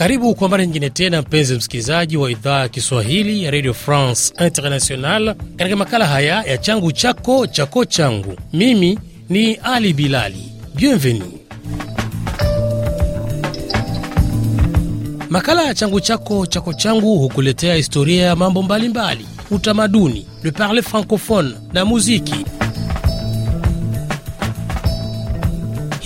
Karibu kwa mara nyingine tena, mpenzi msikilizaji wa idhaa ya Kiswahili ya Radio France International, katika makala haya ya changu chako chako changu. Mimi ni Ali Bilali. Bienvenue. Makala ya changu chako chako changu hukuletea historia ya mambo mbalimbali, utamaduni, le parler francophone na muziki.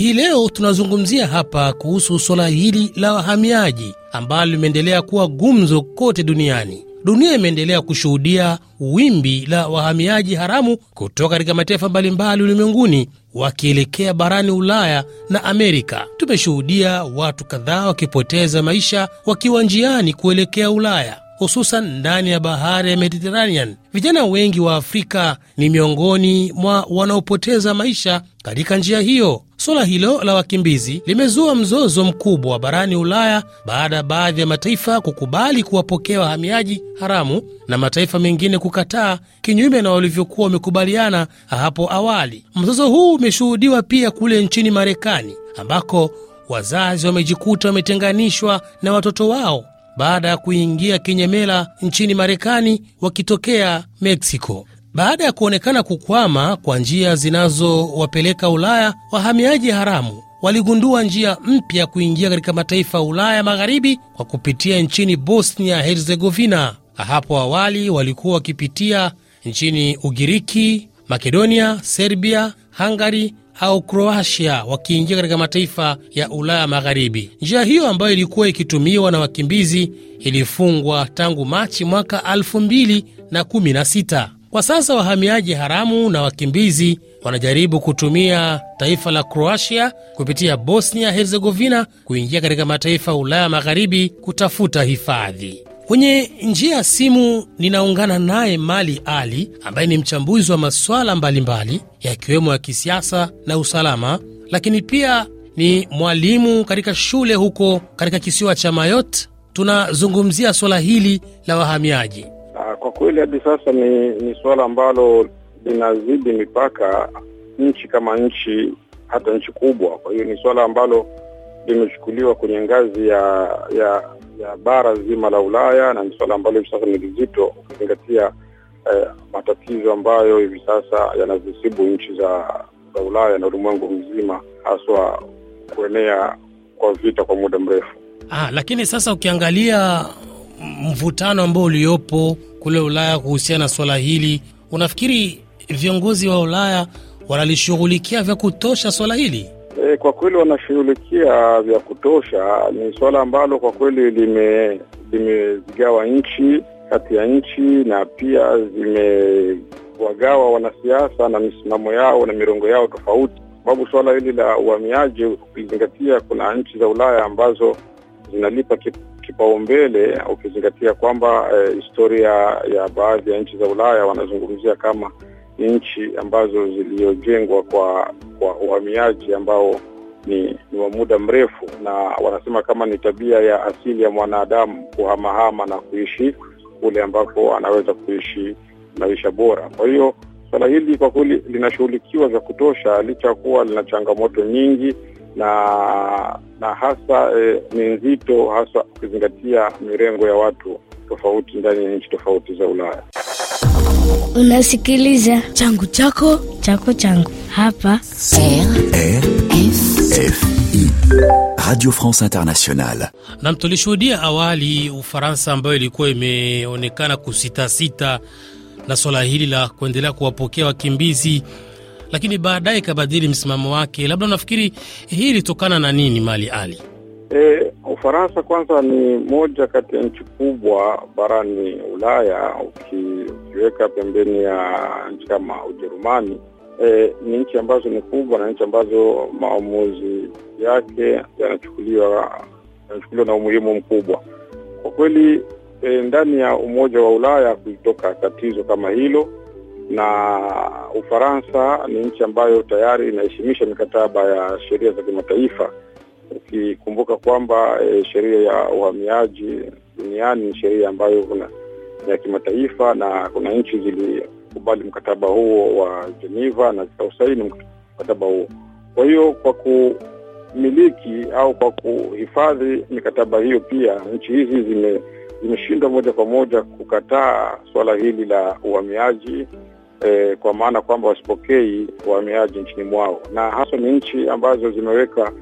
Hii leo tunazungumzia hapa kuhusu suala hili la wahamiaji ambalo limeendelea kuwa gumzo kote duniani. Dunia imeendelea kushuhudia wimbi la wahamiaji haramu kutoka katika mataifa mbalimbali ulimwenguni wakielekea barani Ulaya na Amerika. Tumeshuhudia watu kadhaa wakipoteza maisha wakiwa njiani kuelekea Ulaya hususan ndani ya bahari ya Mediteranean. Vijana wengi wa Afrika ni miongoni mwa wanaopoteza maisha katika njia hiyo. Suala hilo la wakimbizi limezua mzozo mkubwa barani Ulaya baada ya baadhi ya mataifa kukubali kuwapokea wahamiaji haramu na mataifa mengine kukataa, kinyume na walivyokuwa wamekubaliana hapo awali. Mzozo huu umeshuhudiwa pia kule nchini Marekani ambako wazazi wamejikuta wametenganishwa na watoto wao baada ya kuingia kinyemela nchini Marekani wakitokea Meksiko. Baada ya kuonekana kukwama kwa njia zinazowapeleka Ulaya, wahamiaji haramu waligundua njia mpya ya kuingia katika mataifa ya Ulaya Magharibi kwa kupitia nchini Bosnia Herzegovina. Hapo awali walikuwa wakipitia nchini Ugiriki, Makedonia, Serbia, Hungary au Kroatia wakiingia katika mataifa ya Ulaya Magharibi. Njia hiyo ambayo ilikuwa ikitumiwa na wakimbizi ilifungwa tangu Machi mwaka 2016. Kwa sasa wahamiaji haramu na wakimbizi wanajaribu kutumia taifa la Kroatia kupitia Bosnia Herzegovina kuingia katika mataifa ya Ulaya Magharibi kutafuta hifadhi. Kwenye njia ya simu ninaungana naye Mali Ali ambaye ni mchambuzi wa masuala mbalimbali yakiwemo ya kisiasa na usalama, lakini pia ni mwalimu katika shule huko katika kisiwa cha Mayotte. Tunazungumzia suala hili la wahamiaji. Ah, kwa kweli hadi sasa ni, ni suala ambalo linazidi mipaka nchi kama nchi, hata nchi kubwa. Kwa hiyo ni suala ambalo limechukuliwa kwenye ngazi ya ya ya bara zima la Ulaya na ni suala ambalo hivi sasa ni vizito ukizingatia eh, matatizo ambayo hivi sasa yanazisibu nchi za, za Ulaya na ulimwengu mzima, haswa kuenea kwa vita kwa muda mrefu. Ah, lakini sasa ukiangalia mvutano ambao uliopo kule Ulaya kuhusiana na swala hili, unafikiri viongozi wa Ulaya wanalishughulikia vya kutosha swala hili? E, kwa kweli wanashughulikia vya kutosha. Ni suala ambalo kwa kweli lime limezigawa nchi kati ya nchi na pia zimewagawa wanasiasa na misimamo yao na mirongo yao tofauti, sababu suala hili la uhamiaji, ukizingatia kuna nchi za Ulaya ambazo zinalipa kipaumbele, ukizingatia kwamba e, historia ya baadhi ya nchi za Ulaya wanazungumzia kama ni nchi ambazo ziliyojengwa kwa kwa uhamiaji ambao ni, ni wa muda mrefu, na wanasema kama ni tabia ya asili ya mwanadamu kuhamahama na kuishi kule ambapo anaweza kuishi maisha bora. Kwa hiyo suala hili kwa kweli linashughulikiwa vya kutosha, licha ya kuwa lina changamoto nyingi na na hasa eh, ni nzito hasa ukizingatia mirengo ya watu tofauti ndani ya nchi tofauti za Ulaya. Unasikiliza changu chako chako changu hapa RFI Radio France Internationale. Nam, tulishuhudia awali Ufaransa ambayo ilikuwa imeonekana kusitasita na swala hili la kuendelea kuwapokea wakimbizi, lakini baadaye ikabadili msimamo wake. Labda unafikiri hii ilitokana na nini, Mali Ali? E, Ufaransa kwanza ni moja kati ya nchi kubwa barani Ulaya, ukiweka pembeni ya nchi kama Ujerumani. E, ni nchi ambazo ni kubwa na nchi ambazo maamuzi yake yanachukuliwa yanachukuliwa na umuhimu mkubwa kwa kweli. E, ndani ya Umoja wa Ulaya kulitoka tatizo kama hilo, na Ufaransa ni nchi ambayo tayari inaheshimisha mikataba ya sheria za kimataifa ukikumbuka kwamba e, sheria ya uhamiaji duniani ni sheria ambayo kuna ya kimataifa na kuna nchi zilikubali mkataba huo wa Geneva na zikausaini mkataba huo. Kwa hiyo kwa kumiliki au kwa kuhifadhi mikataba hiyo, pia nchi hizi zime zimeshindwa moja kwa moja kukataa suala hili la uhamiaji e, kwa maana kwamba wasipokei uhamiaji nchini mwao, na hasa ni nchi ambazo zimeweka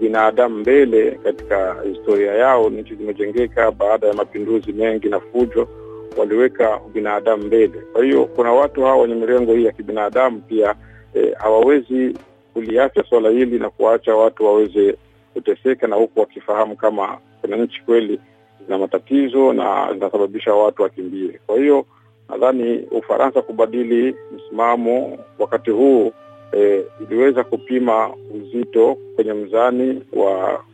binadamu mbele katika historia yao. Nchi zimejengeka baada ya mapinduzi mengi na fujo, waliweka binadamu mbele. Kwa hiyo kuna watu hawa wenye mirengo hii ya kibinadamu pia eh, hawawezi e, kuliacha swala hili na kuwaacha watu waweze kuteseka, na huku wakifahamu kama kuna nchi kweli zina matatizo na zinasababisha watu wakimbie. Kwa hiyo nadhani Ufaransa kubadili msimamo wakati huu e, iliweza kupima uzito kwenye mzani wa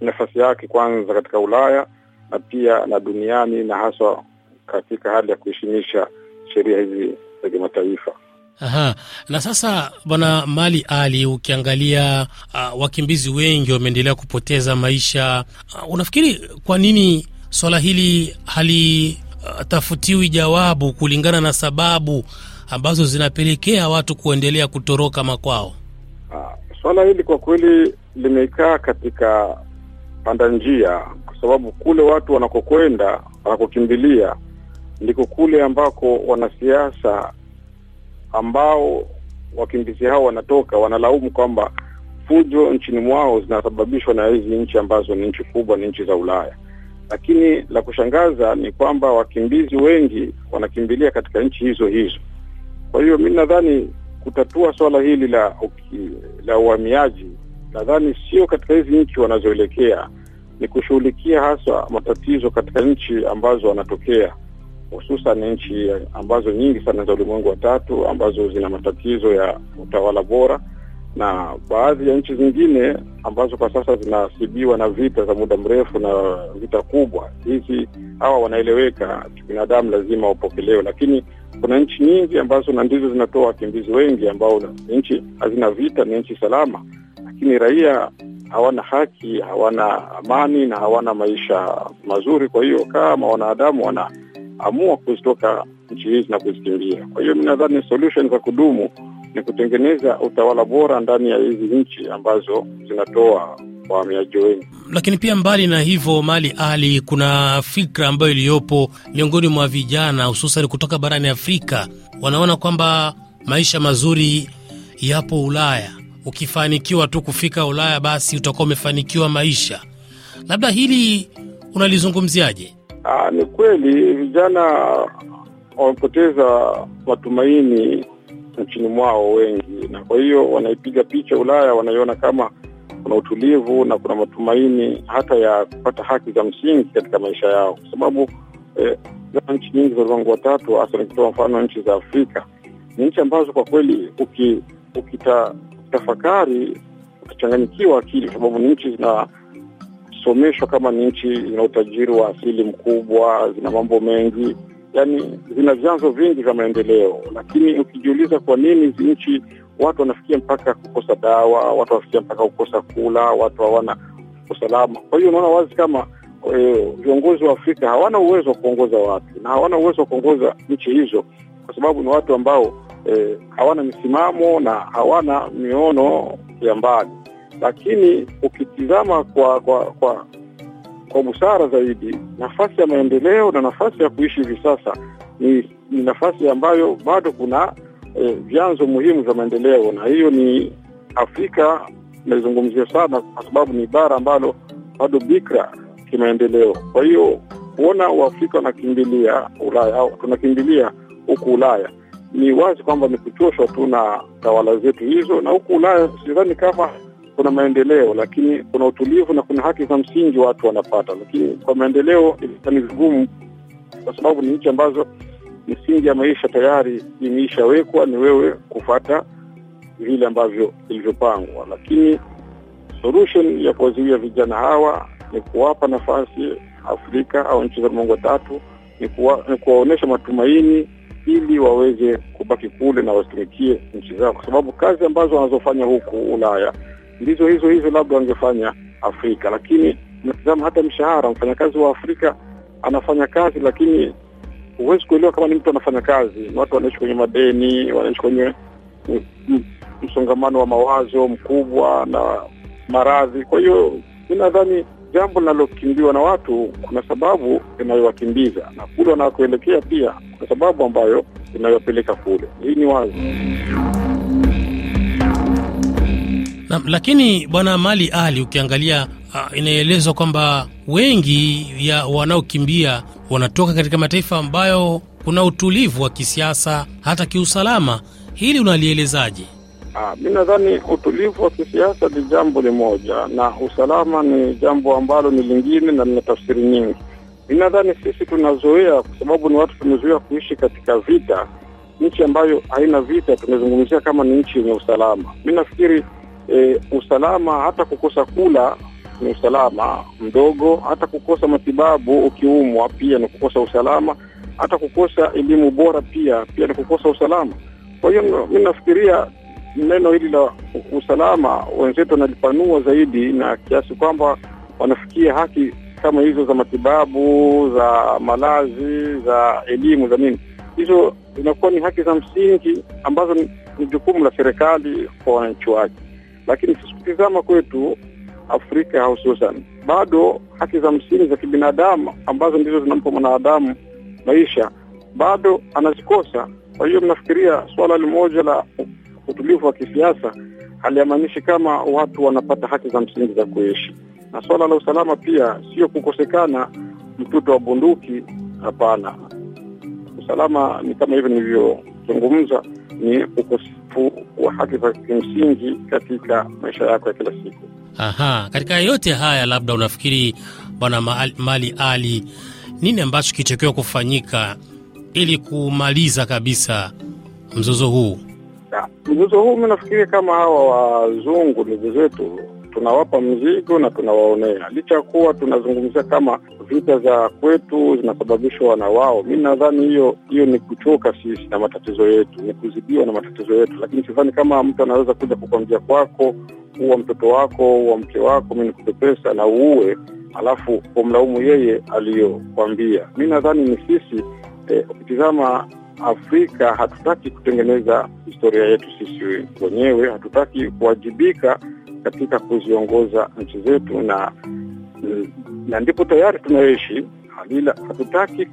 nafasi yake kwanza katika Ulaya na pia na duniani na haswa katika hali ya kuheshimisha sheria hizi za kimataifa. Aha. Na sasa Bwana Mali Ali, ukiangalia uh, wakimbizi wengi wameendelea kupoteza maisha uh, unafikiri kwa nini swala hili halitafutiwi uh, jawabu kulingana na sababu ambazo zinapelekea watu kuendelea kutoroka makwao? Ah, swala hili kwa kweli limekaa katika panda njia, kwa sababu kule watu wanakokwenda wanakokimbilia ndiko kule ambako wanasiasa ambao wakimbizi hao wanatoka wanalaumu kwamba fujo nchini mwao zinasababishwa na hizi nchi ambazo ni nchi kubwa, ni nchi za Ulaya. Lakini la kushangaza ni kwamba wakimbizi wengi wanakimbilia katika nchi hizo hizo, kwa hiyo mi nadhani kutatua swala hili la la uhamiaji, nadhani sio katika hizi nchi wanazoelekea, ni kushughulikia hasa matatizo katika nchi ambazo wanatokea, hususan nchi ambazo nyingi sana za ulimwengu wa tatu ambazo zina matatizo ya utawala bora na baadhi ya nchi zingine ambazo kwa sasa zinasibiwa na vita za muda mrefu na vita kubwa hizi, hawa wanaeleweka kibinadamu, lazima wapokelewe, lakini kuna nchi nyingi ambazo na ndizo zinatoa wakimbizi wengi ambao nchi hazina vita, ni nchi salama, lakini raia hawana haki, hawana amani na hawana maisha mazuri. Kwa hiyo kama wanadamu wanaamua kuzitoka nchi hizi na kuzikimbia. Kwa hiyo mi nadhani solution za kudumu ni kutengeneza utawala bora ndani ya hizi nchi ambazo zinatoa wahamiaji wengi. Lakini pia mbali na hivyo, Mali Ali, kuna fikra ambayo iliyopo miongoni mwa vijana hususan kutoka barani Afrika, wanaona kwamba maisha mazuri yapo Ulaya. Ukifanikiwa tu kufika Ulaya, basi utakuwa umefanikiwa maisha. Labda hili unalizungumziaje? Aa, ah, ni kweli vijana wamepoteza matumaini nchini mwao wengi, na kwa hiyo wanaipiga picha Ulaya, wanaiona kama kuna utulivu na kuna matumaini hata ya kupata haki za msingi katika maisha yao, kwa sababu eh, nchi nyingi za ulimwengu watatu hasa nikitoa mfano nchi za Afrika, ni nchi ambazo kwa kweli uki, ukita, utachanganyikiwa akili, kwa sababu ni nchi zinasomeshwa kama ni nchi zina utajiri wa asili mkubwa, zina mambo mengi, yaani zina vyanzo vingi vya maendeleo. Lakini ukijiuliza kwa nini hizi nchi watu wanafikia mpaka kukosa dawa, watu wanafikia mpaka kukosa kula, watu hawana usalama. Kwa hiyo unaona wazi kama e, viongozi e, wa Afrika hawana uwezo wa kuongoza watu na hawana uwezo wa kuongoza nchi hizo, kwa sababu ni watu ambao e, hawana misimamo na hawana miono ya mbali. Lakini ukitizama kwa kwa kwa kwa busara zaidi, nafasi ya maendeleo na nafasi ya kuishi hivi sasa ni, ni nafasi ambayo bado kuna e, vyanzo muhimu vya maendeleo, na hiyo ni Afrika imezungumziwa sana kwa sababu ni bara ambalo bado bikra kimaendeleo. Kwa hiyo kuona Waafrika wanakimbilia Ulaya au tunakimbilia huku Ulaya ni wazi kwamba ni kuchoshwa tu na tawala zetu hizo, na huku Ulaya sidhani kama kuna maendeleo, lakini kuna utulivu na kuna haki za msingi watu wanapata, lakini kwa maendeleo ilikuwa ni vigumu, kwa sababu ni nchi ambazo misingi ya maisha tayari imeishawekwa, ni wewe kufata vile ambavyo vilivyopangwa. Lakini solution ya kuwazuia vijana hawa ni kuwapa nafasi Afrika au nchi za mrongo tatu, ni kuwaonyesha matumaini ili waweze kubaki kule na wasitumikie nchi zao, kwa sababu kazi ambazo wanazofanya huku Ulaya ndizo hizo hizo labda wangefanya Afrika. Lakini natizama hata mshahara, mfanyakazi wa Afrika anafanya kazi lakini huwezi kuelewa kama ni mtu anafanya kazi. Watu wanaishi kwenye madeni, wanaishi kwenye msongamano wa mawazo mkubwa na maradhi. Kwa hiyo mi nadhani jambo linalokimbiwa na watu, kuna sababu inayowakimbiza na kule wanakoelekea pia kuna sababu ambayo inayopeleka kule. Hii ni wazi. Na, lakini Bwana Mali Ali, ukiangalia uh, inaelezwa kwamba wengi ya wanaokimbia wanatoka katika mataifa ambayo kuna utulivu wa kisiasa hata kiusalama. Hili unalielezaje? Ah, mi nadhani utulivu wa kisiasa ni jambo limoja na usalama ni jambo ambalo ni lingine na lina tafsiri nyingi. Mi nadhani sisi tunazoea, kwa sababu ni watu tumezoea kuishi katika vita. Nchi ambayo haina vita tunazungumzia kama ni nchi yenye usalama. Mi nafikiri eh, usalama hata kukosa kula ni usalama mdogo, hata kukosa matibabu ukiumwa pia ni kukosa usalama, hata kukosa elimu bora pia pia ni kukosa usalama. Kwa hiyo mi nafikiria neno hili la usalama wenzetu wanalipanua zaidi, na kiasi kwamba wanafikia haki kama hizo za matibabu, za malazi, za elimu, za nini, hizo zinakuwa ni haki za msingi ambazo ni jukumu la serikali kwa wananchi wake, lakini sisi kutizama kwetu Afrika hususan, bado haki za msingi za kibinadamu ambazo ndizo zinampa mwanadamu maisha bado anazikosa. Kwa hiyo mnafikiria suala limoja la utulivu wa kisiasa haliamaanishi kama watu wanapata haki za msingi za kuishi. Na suala la usalama pia sio kukosekana mtuto wa bunduki, hapana. Usalama ni kama hivyo nilivyozungumza, ni ukosefu wa haki za kimsingi katika maisha yako ya kila siku. Aha, katika yote haya labda unafikiri Bwana Mali Ali, nini ambacho kitakiwa kufanyika ili kumaliza kabisa mzozo huu? Mzozo huu mi nafikiri kama hawa wazungu ndugu zetu tunawapa mzigo na tunawaonea, licha ya kuwa tunazungumzia kama vita za kwetu zinasababishwa na wao. Mi nadhani hiyo hiyo ni kuchoka sisi na matatizo yetu, ni kuzidiwa na matatizo yetu, lakini sidhani kama mtu anaweza kuja kukwambia kwako wa mtoto wako, wa mke wako, mi nikupe pesa na uue, alafu umlaumu yeye aliyokwambia. Mi nadhani ni sisi eh, ukitizama eh, Afrika hatutaki kutengeneza historia yetu sisi wenyewe, hatutaki kuwajibika katika kuziongoza nchi zetu, na na ndipo tayari tunaishi ila hatutaki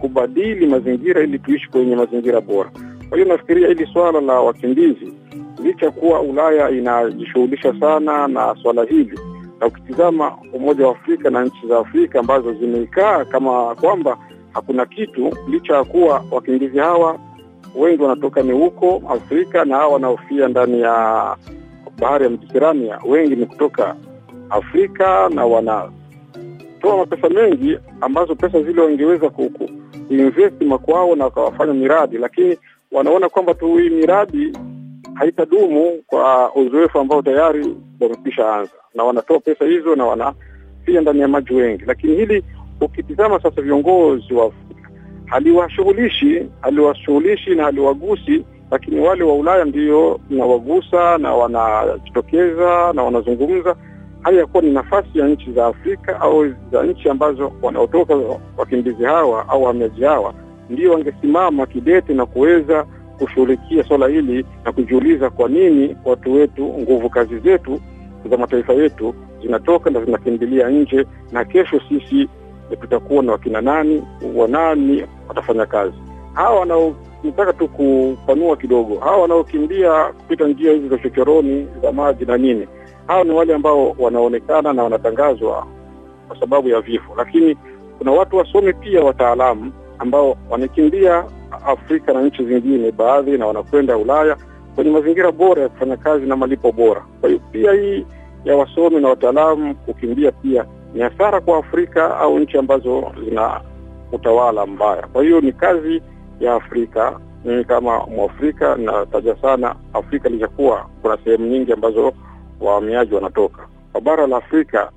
kubadili mazingira ili tuishi kwenye mazingira bora. Kwa hiyo nafikiria hili swala la wakimbizi licha kuwa Ulaya inajishughulisha sana na swala hili, na ukitizama Umoja wa Afrika na nchi za Afrika ambazo zimeikaa kama kwamba hakuna kitu, licha ya kuwa wakimbizi hawa wengi wanatoka ni huko Afrika na hawa wanaofia ndani ya bahari ya Mediterania wengi ni kutoka Afrika na wanatoa mapesa mengi ambazo pesa zile wangeweza kuinvesti makwao na wakawafanya miradi, lakini wanaona kwamba tu hii miradi haitadumu kwa uzoefu ambao tayari wamekwisha anza, na wanatoa pesa hizo na wanafia ndani ya maji wengi. Lakini hili ukitizama sasa, viongozi wa Afrika haliwashughulishi, haliwashughulishi na haliwagusi, lakini wale wa Ulaya ndiyo nawagusa na wanajitokeza na wanazungumza. Haya yakuwa ni nafasi ya nchi za Afrika au za nchi ambazo wanaotoka wakimbizi hawa au wahamiaji hawa, ndio wangesimama kidete na kuweza kushughulikia swala hili na kujiuliza kwa nini watu wetu, nguvu kazi zetu za mataifa yetu zinatoka na zinakimbilia nje, na kesho sisi tutakuwa na wakina nani, wanani watafanya kazi? Hawa wanaotaka tu kupanua kidogo, hawa wanaokimbia kupita njia hizi za chochoroni za maji na nini, hawa ni wale ambao wanaonekana na wanatangazwa kwa sababu ya vifo, lakini kuna watu wasomi pia wataalamu ambao wanakimbia Afrika na nchi zingine baadhi, na wanakwenda Ulaya kwenye mazingira bora ya kufanya kazi na malipo bora. Kwa hiyo pia hii ya wasomi na wataalamu kukimbia pia ni hasara kwa Afrika au nchi ambazo zina utawala mbaya. Kwa hiyo ni kazi ya Afrika. Mimi kama Mwafrika nataja sana Afrika lijakuwa kuna sehemu nyingi ambazo wahamiaji wanatoka kwa bara la Afrika.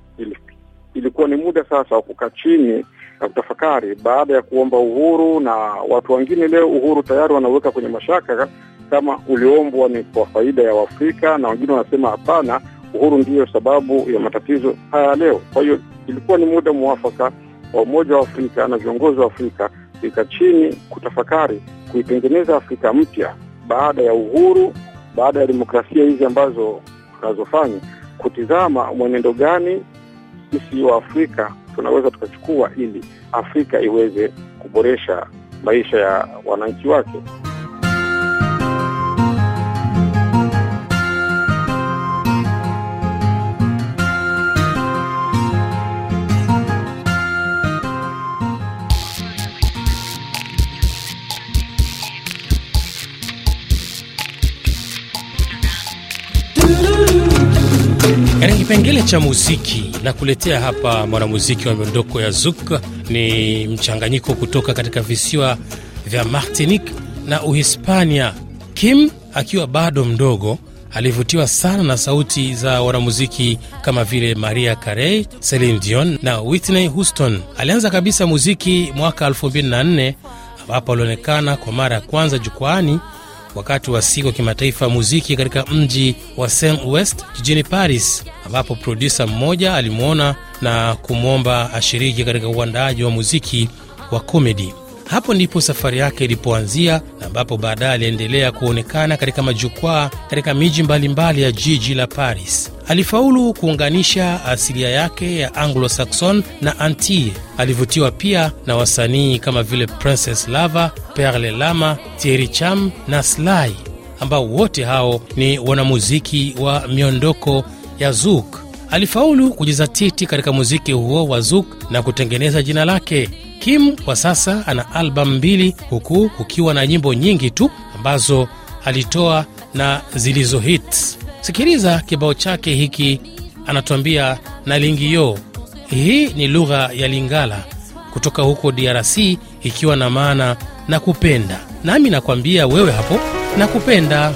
Ilikuwa ni muda sasa wa kukaa chini na kutafakari baada ya kuomba uhuru, na watu wengine leo uhuru tayari wanaweka kwenye mashaka kama uliombwa ni kwa faida ya Waafrika, na wengine wanasema hapana, uhuru ndiyo sababu ya matatizo haya leo. Kwa hiyo ilikuwa ni muda mwafaka wa Umoja wa Afrika na viongozi wa Afrika ika chini, kutafakari, kuitengeneza Afrika mpya baada ya uhuru, baada ya demokrasia hizi ambazo tunazofanya, kutizama mwenendo gani sisi wa Afrika tunaweza tukachukua ili Afrika iweze kuboresha maisha ya wananchi wake. kipengele cha muziki na kuletea hapa mwanamuziki wa miondoko ya zuk Ni mchanganyiko kutoka katika visiwa vya Martinique na Uhispania. Kim akiwa bado mdogo alivutiwa sana na sauti za wanamuziki kama vile Maria Carey, Celine Dion na Whitney Houston. Alianza kabisa muziki mwaka 24 ambapo alionekana kwa mara ya kwanza jukwani wakati wa siku ya kimataifa muziki katika mji wa st West jijini Paris ambapo produsa mmoja alimwona na kumwomba ashiriki katika uandaaji wa muziki wa komedi. Hapo ndipo safari yake ilipoanzia na ambapo baadaye aliendelea kuonekana katika majukwaa katika miji mbalimbali ya jiji la Paris. Alifaulu kuunganisha asilia yake ya Anglo-Saxon na antille Alivutiwa pia na wasanii kama vile Princess Lava, Perle Lama, Thierry Cham na slai ambao wote hao ni wanamuziki wa miondoko ya Zouk. Alifaulu kujizatiti katika muziki huo wa Zouk na kutengeneza jina lake. Kim kwa sasa ana albamu mbili, huku kukiwa na nyimbo nyingi tu ambazo alitoa na zilizo Sikiliza kibao chake hiki, anatuambia na lingiyo Hii ni lugha ya Lingala kutoka huko DRC, ikiwa na maana nakupenda. Nami nakwambia wewe hapo, nakupenda.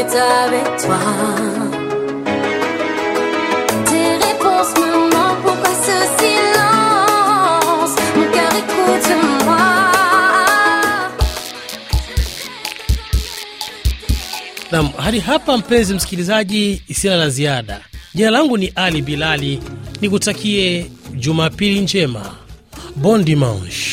est avec toi. Nam, hadi hapa mpenzi msikilizaji, sina la ziada. Jina langu ni Ali Bilali, nikutakie Jumapili njema, bon dimanche.